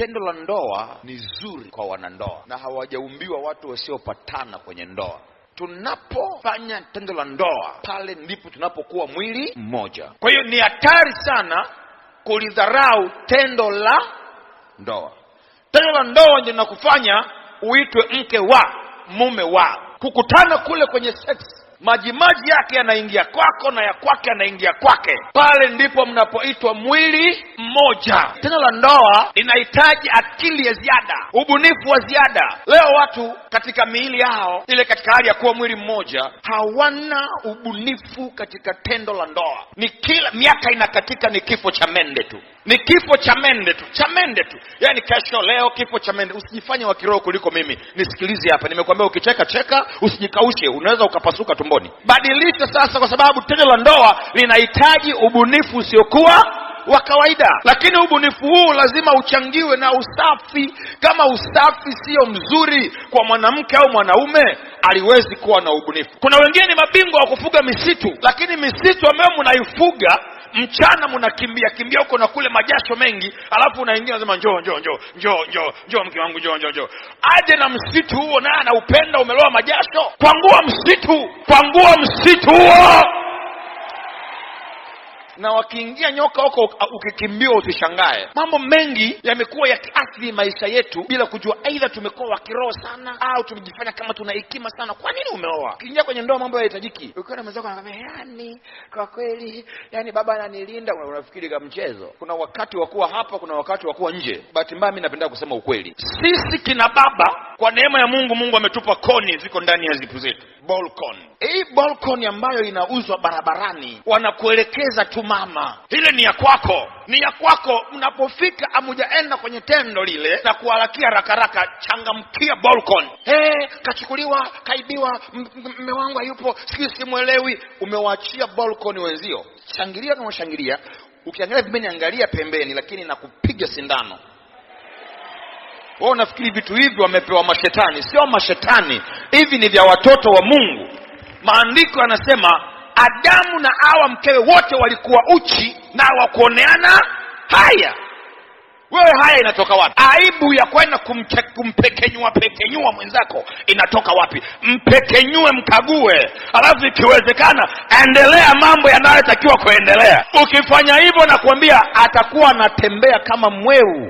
tendo la ndoa ni zuri kwa wanandoa, na hawajaumbiwa watu wasiopatana kwenye ndoa. Tunapofanya tendo la ndoa, pale ndipo tunapokuwa mwili mmoja. Kwa hiyo ni hatari sana kulidharau tendo la ndoa. Tendo la ndoa ndio nakufanya uitwe mke wa mume wa. Kukutana kule kwenye seksi majimaji yake yanaingia kwako na ya kwake yanaingia kwake. Pale ndipo mnapoitwa mwili mmoja. Tendo la ndoa linahitaji akili ya ziada, ubunifu wa ziada. Leo watu katika miili yao ile, katika hali ya kuwa mwili mmoja, hawana ubunifu katika tendo la ndoa. Ni kila miaka inakatika, ni kifo cha mende tu, ni kifo cha mende tu, cha mende tu, yaani kesho leo, kifo cha mende. Usijifanye wa kiroho kuliko mimi, nisikilize hapa. Nimekuambia ukicheka cheka, usijikaushe, unaweza ukapasuka tu tumboni. Badilisha sasa, kwa sababu tendo la ndoa linahitaji ubunifu usiokuwa wa kawaida, lakini ubunifu huu lazima uchangiwe na usafi. Kama usafi sio mzuri kwa mwanamke au mwanaume, aliwezi kuwa na ubunifu. Kuna wengine ni mabingwa wa kufuga misitu, lakini misitu ambayo mnaifuga mchana mnakimbia kimbia huko na kule majasho mengi alafu unaingia unasema njoo njoo njoo njoo njoo njoo mke wangu njoo njoo njoo aje na msitu huo naye anaupenda umeloa majasho kwangua msitu kwangua msitu huo na wakiingia nyoka huko ah, ukikimbia, usishangae. Mambo mengi yamekuwa yakiathiri maisha yetu bila kujua, aidha tumekuwa wakiroho sana au tumejifanya kama tuna hekima sana. Kwa nini umeoa? Ukiingia kwenye ndoa mambo hayahitajiki. Ukiwa na mwenzako anakwambia, yani kwa kweli, yani baba ananilinda, unafikiri kama mchezo. Kuna wakati wa kuwa hapa, kuna wakati wa kuwa nje. Bahati mbaya, mimi napenda kusema ukweli, sisi kina baba, kwa neema ya Mungu, Mungu ametupa koni ziko ndani ya zipu zetu Balkon. Hii balkon ambayo inauzwa barabarani, wanakuelekeza tu mama, ile ni ya kwako, ni ya kwako. Mnapofika amujaenda kwenye tendo lile na kuharakia rakaraka, changamkia balkon. Hey, kachukuliwa, kaibiwa, mme wangu hayupo, sijui simwelewi. Umewaachia balkon wenzio, shangilia kama shangilia, ukiangalia pembeni, angalia pembeni, lakini nakupiga sindano. Wao nafikiri vitu hivi wamepewa mashetani. Sio mashetani, hivi ni vya watoto wa Mungu. Maandiko yanasema Adamu na Hawa mkewe wote walikuwa uchi na wakuoneana haya. Wewe haya inatoka wapi? Aibu ya kwenda kumpekenyua pekenyua mwenzako inatoka wapi? Mpekenyue, mkague, alafu ikiwezekana endelea mambo yanayotakiwa kuendelea. Ukifanya hivyo, nakwambia atakuwa anatembea kama mweu